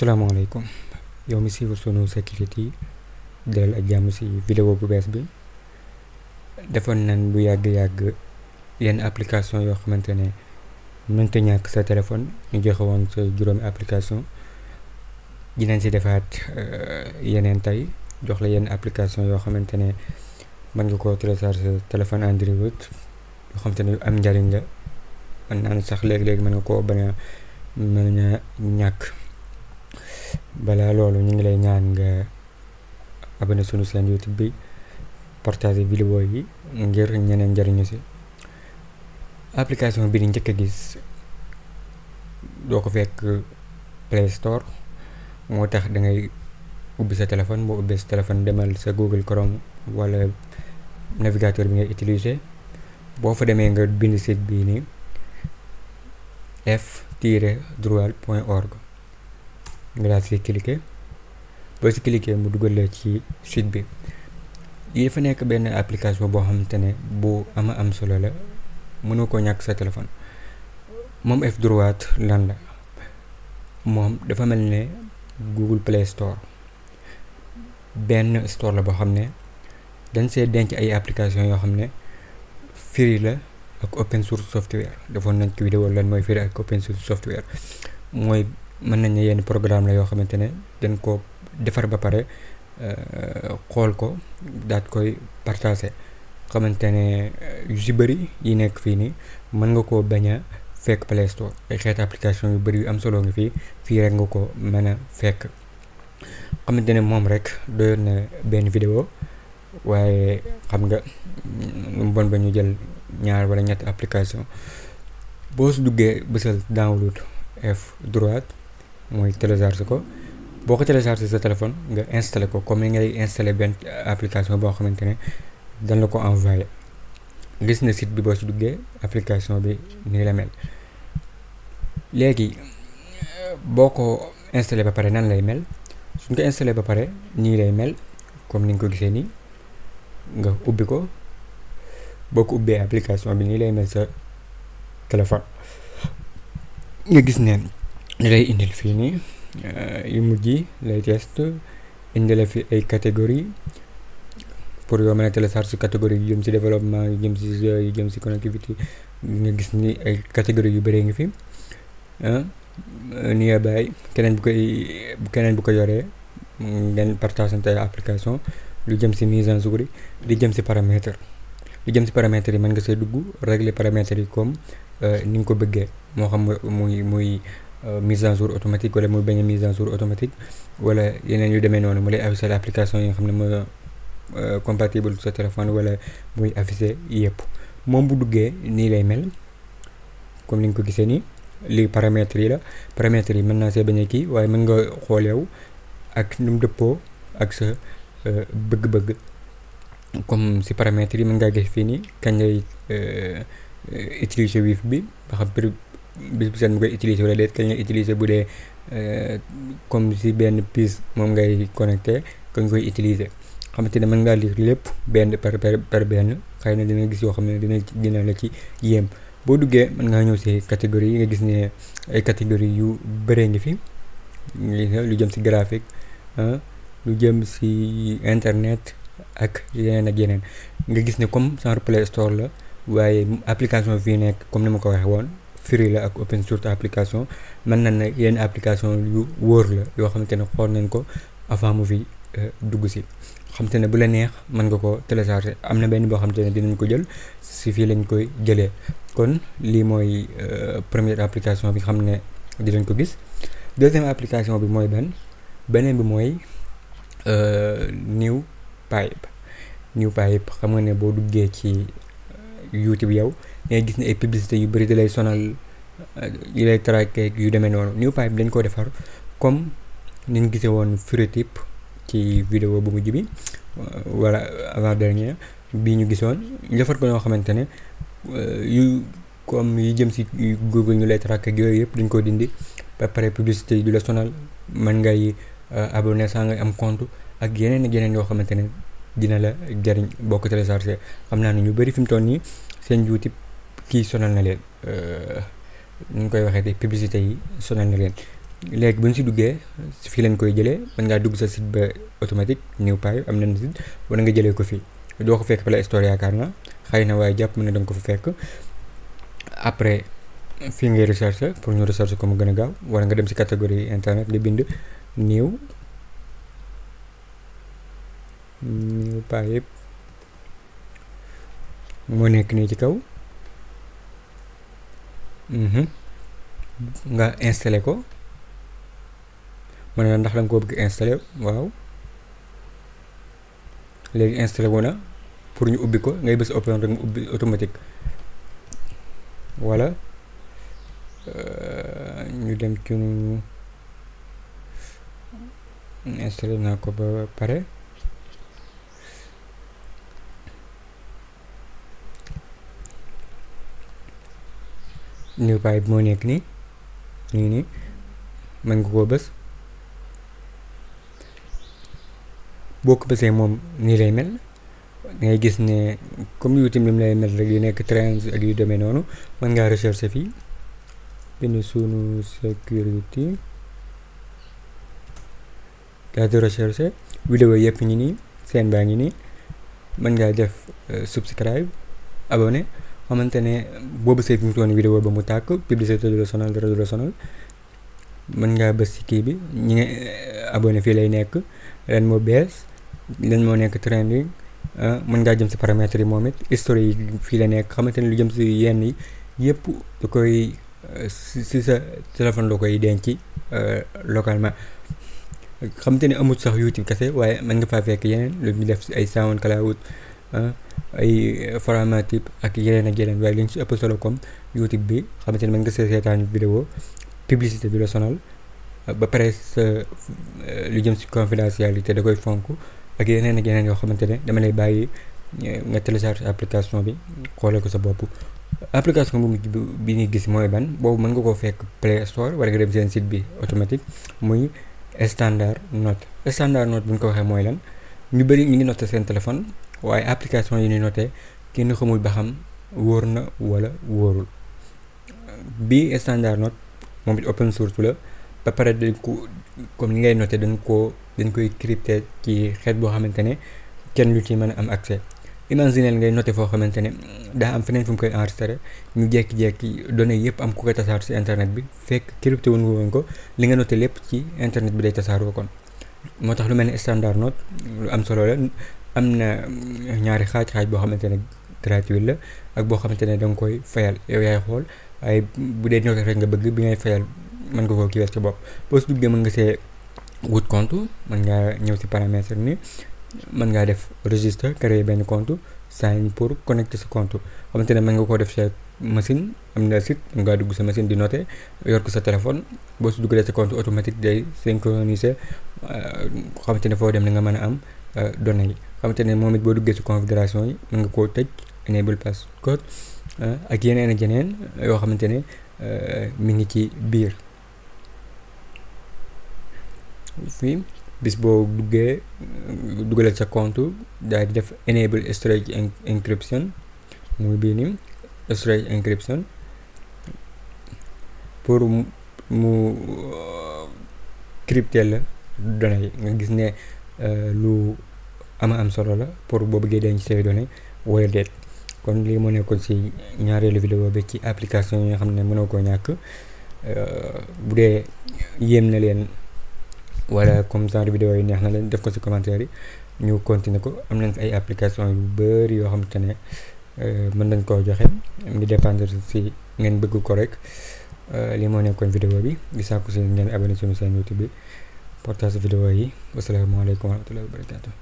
asalaamaaleykum yow mi siiwal sunu sécurité dalal ak jàmm si vidéo bu bees bi defoon nañ bu yàgg-yàgg yenn application yoo xamante ne mënta ñàkk sa téléphone ñu joxe woon sa juróomi application dinañ si defaat euh, yeneen tey jox la yenn application yoo xamante ne mën nga koo télécharger sa téléphone Android yoo xamante ne am njariñ la mën naa sax léegi-léegi mën nga koo bañ a mën a ñàkk balaa loolu ñu ngi lay ñaan nga abonné sunu seen YouTube bi partager vidéo yi ngir ñeneen njariñu si application bi di njëkk a gis doo ko fekk Play moo tax dangay ubbi sa téléphone boo ubbee sa téléphone demal sa Google Chrome wala navigateur bi ngay utiliser boo fa demee nga bind site bii nii f tiret Droil point org nga si cliquer boo si cliquer mu dugal la ci site bi lii dafa nekk benn application boo xamante ne bu ama am solo la mënoo ko ñàkk sa téléphone moom F droite lan la moom dafa mel ne Google Play Store benn store la boo xam ne dañ see denc ay application yoo xam ne free la ak open source software defoon nañ ko vidéo lan mooy free ak open source software mooy mën nañ ne yenn programme la yoo xamante ne dañ ko defar ba pare euh, xool ko daat koy partager xamante ne euh, yu si bëri yi nekk fii nii mën nga koo bañ a fekk Play Store ay xeetu application yu bëri yu am solo ngi fii fii rek nga ko mën a fekk xamante ne moom rek doyoon na benn vidéo waaye xam nga bon ba ñu jël ñaar wala ñetti application boo su duggee bësal download f droite mooy télécharge ko boo ko télécharge sa téléphone nga installé ko comme ni ngay installé benn application boo xamante ne dañ la ko envoyé gis na site bi boo si duggee application bi nii la mel léegi boo ko installé ba pare nan lay mel suñ ko installé ba pare nii lay mel comme ni nga ko gisee nii nga ubbi ko boo ko ubbee application bi nii lay mel sa téléphone nga gis ne lay indil fii euh, yu mujj yi lay test fi ay catégorie pour yoo mën a télécharge jëm si développement yu jëm si yu jëm si connectivité nga gis ni ay catégorie yu bëree ngi fi ni keneen bu koy keneen bu ko yoree ngeen partage seen application lu jëm si mise en jour di jëm si paramètre lu jëm si paramètres yi mën nga see dugg réglé paramètres yi comme euh, ni nga ko bëggee moo xam muy muy Euh, mise en jour automatique wala muy bañ a mise à jour automatique wala yeneen yu demee noonu mu lay afficher application yi xam ne mooy euh, compatible sa téléphone wala muy afficher yëpp moom bu duggee nii lay mel comme ni nga ko gisee nii lii paramètres yi la paramètres yi mën naa see bañ kii waaye mën nga xool yow ak nu mu dëppoo ak sa euh, bëgg-bëgg comme si paramètres yi mën ngaa gis fii nii kañ lay utiliser wifi bi ba xam bis bu set mu koy utiliser wala déet kañ lay utiliser bu dee euh, comme si benn pièce moom ngay connecté kañ koy utiliser xamante ne mën ngaa lire lépp benn par par benn xëy na dina gis yoo xam ne dina dina la ci yéem boo duggee mën ngaa ñëw si catégorie yi nga gis ne ay catégorie yu bëree ngi fi lu jëm si graphique ah, lu jëm si internet ak yeneen ak yeneen nga gis ne comme genre Play Store la waaye application fii nekk comme ni ma ko waxee woon free la ak open source application mën na nag yenn application yu wóor la yoo xamante ne xool nañ ko avant mu fi euh, dugg si xam ne bu la neex mën nga ko télécharger am na benn boo xam ne dinañ ko jël si fii lañ koy jëlee kon lii mooy euh, première application bi xam ne dinañ ko gis deuxième application bi mooy benn beneen bi mooy euh, new pipe new pipe xam nga ne boo duggee ci YouTube yow ngay gis ne ay publicité yu bëri da lay sonal yu lay traqué yu demee noonu new pipe dañ koo defar comme niñ gise woon Fruitip ci vidéo bu mujj bi wala avant dernier bii ñu gisoon ñu defar ko noo xamante ne euh, yu comme yu jëm si Google ñu lay traqué yooyu yëpp dañ ko dindi ba pare publicité yi du la sonal man ngay euh, abonné saa ngay am compte ak yeneen ak yeneen yoo xamante ne dina la jariñ boo ko téléchargé xam naa ne ñu bëri fi mu toll nii seen YouTube kii sonal na leen euh, nu ñu koy waxee te publicité yi sonal na leen léegi bu ñu si duggee fii lañ koy jëlee mën ngaa dugg sa site ba automatique new page am na nañ site wala nga jëlee ko fii doo ko fekk Play Store yaakaar na xëy na waaye jàpp mën na danga ko fa fekk après fii ngay recherche pour ñu recherche ko mu gën a gaaw wala nga dem si catégorie internet li bind niiw paa yëpp moo nekk nii ci kaw mhm. nga installé ko ma ne la ndax danga koo bëgg installé waaw léegi installé wu na pour ñu ubbi ko ngay bës open rek mu ubbi automatique voilà euh, ñu dem ci installé naa ko ba pare new pipe moo nekk nii nii nii mën ko ko bës boo ko bësee moom nii lay mel ngay gis ne comme YouTube ni mu lay mel rek yu nekk trends ak yu demee noonu mën ngaa recherche fii bind sunu sécurité daal di recherche vidéo yëpp ñi nii seen baa ngi nii mën ngaa def euh, subscribe abonné xamante ne boobu see fi mu toon vidéo ba mu tàkk publicité du la sonal dara du la sonal mën ngaa bës ci kii bi ñi nga eh, abonné fii lay nekk lan moo bees lan moo nekk trending ah, mën ngaa jëm si paramètres yi moom it histoire yi fii la nekk xamante ne lu jëm si yenn yi yëpp lu koy si eh, sa téléphone la koy denc eh, localement xamante ne amut sax YouTube kese waaye mën nga faa fekk yeneen lu ñu def si ay SoundCloud ah, ay format type ak yeneen ak yeneen waaye li ci ëpp solo comme youtube bi xamante ne mën nga seetaan vidéo publicité du la sonal ba pare sa euh, lu jëm ci confidentialité da koy fonk ak yeneen ak yeneen yoo xamante ne dama lay bàyyi euh, nga télécharge application bi xoolal ko sa bopp. application bu mujj bi ñuy gis mooy ban boobu mën nga koo fekk Play Store wala nga dem seen site bi automatique muy standard note standard note bu ko waxee mooy lan ñu bëri ñu ngi noté seen téléphone. waaye application yi nuy note kenn xamul ba xam wóor na wala wóorul bii standard note moom it open source la ba pare dañ ko comme li ngay noté dañ koo dañ koy crypté ci xeet boo xamante ne kenn lu ci mën a am accès imagineel ngay noté foo xamante ne daa am feneen fu mu koy enregistré ñu jékki-jékki données yëpp am ku koy tasaar si internet bi fekk crypté wuñ woon ko li nga noté lépp ci internet bi day tasaaroo kon moo tax lu mel ne standard solo la am na ñaari xaaj xaaj boo xamante ne gratuit la ak boo xamante ne da nga koy fayal yow yaay xool waaye bu dee noter rek nga bëgg bi ngay fayal mën nga koo kiiwal sa bopp boo si duggee mën nga see wut compte mën ngaa ñëw si paramètre ni mën ngaa def registre créer benn compte sign pour connecter sa compte xamante ne mën nga koo def sa machine am na site mën ngaa dugg sa machine di note yor ko sa téléphone boo si dugalee sa compte automatique day synchroniser euh, xamante ne foo dem na nga mën a am euh, données yi xamante ne moom it boo duggee ci configuration yi mën nga koo tëj enable passcode eh, ak yeneen ak jeneen eh, yoo xamante ne eh, mi ngi ci biir fii bis boo duggee mm, dugalal sa compte daal di def enable storage encryption muy bii ni storage encryption pour mu crypter la données yi nga gis ne lu ama am solo la pour boo bëggee denc say données wala déet kon lii moo nekkoon ci ñaareelu vidéo bi ci application yi nga xam ne mënoo koo ñàkk euh, bu dee yéem na leen wala comme genre vidéo yi neex na leen def ko si commentaire yi ñu continuer ko am nañ fi ay application yu bëri yoo xam te ne euh, mën nañ koo joxe mu ngi dépendre ci ngeen bëgg ko rek euh, lii moo nekkoon vidéo bi di sàkku ci ngeen abonné suñu seen YouTube bi portage vidéo yi wasalaamaaleykum wa rahmatullahi wa barakatuh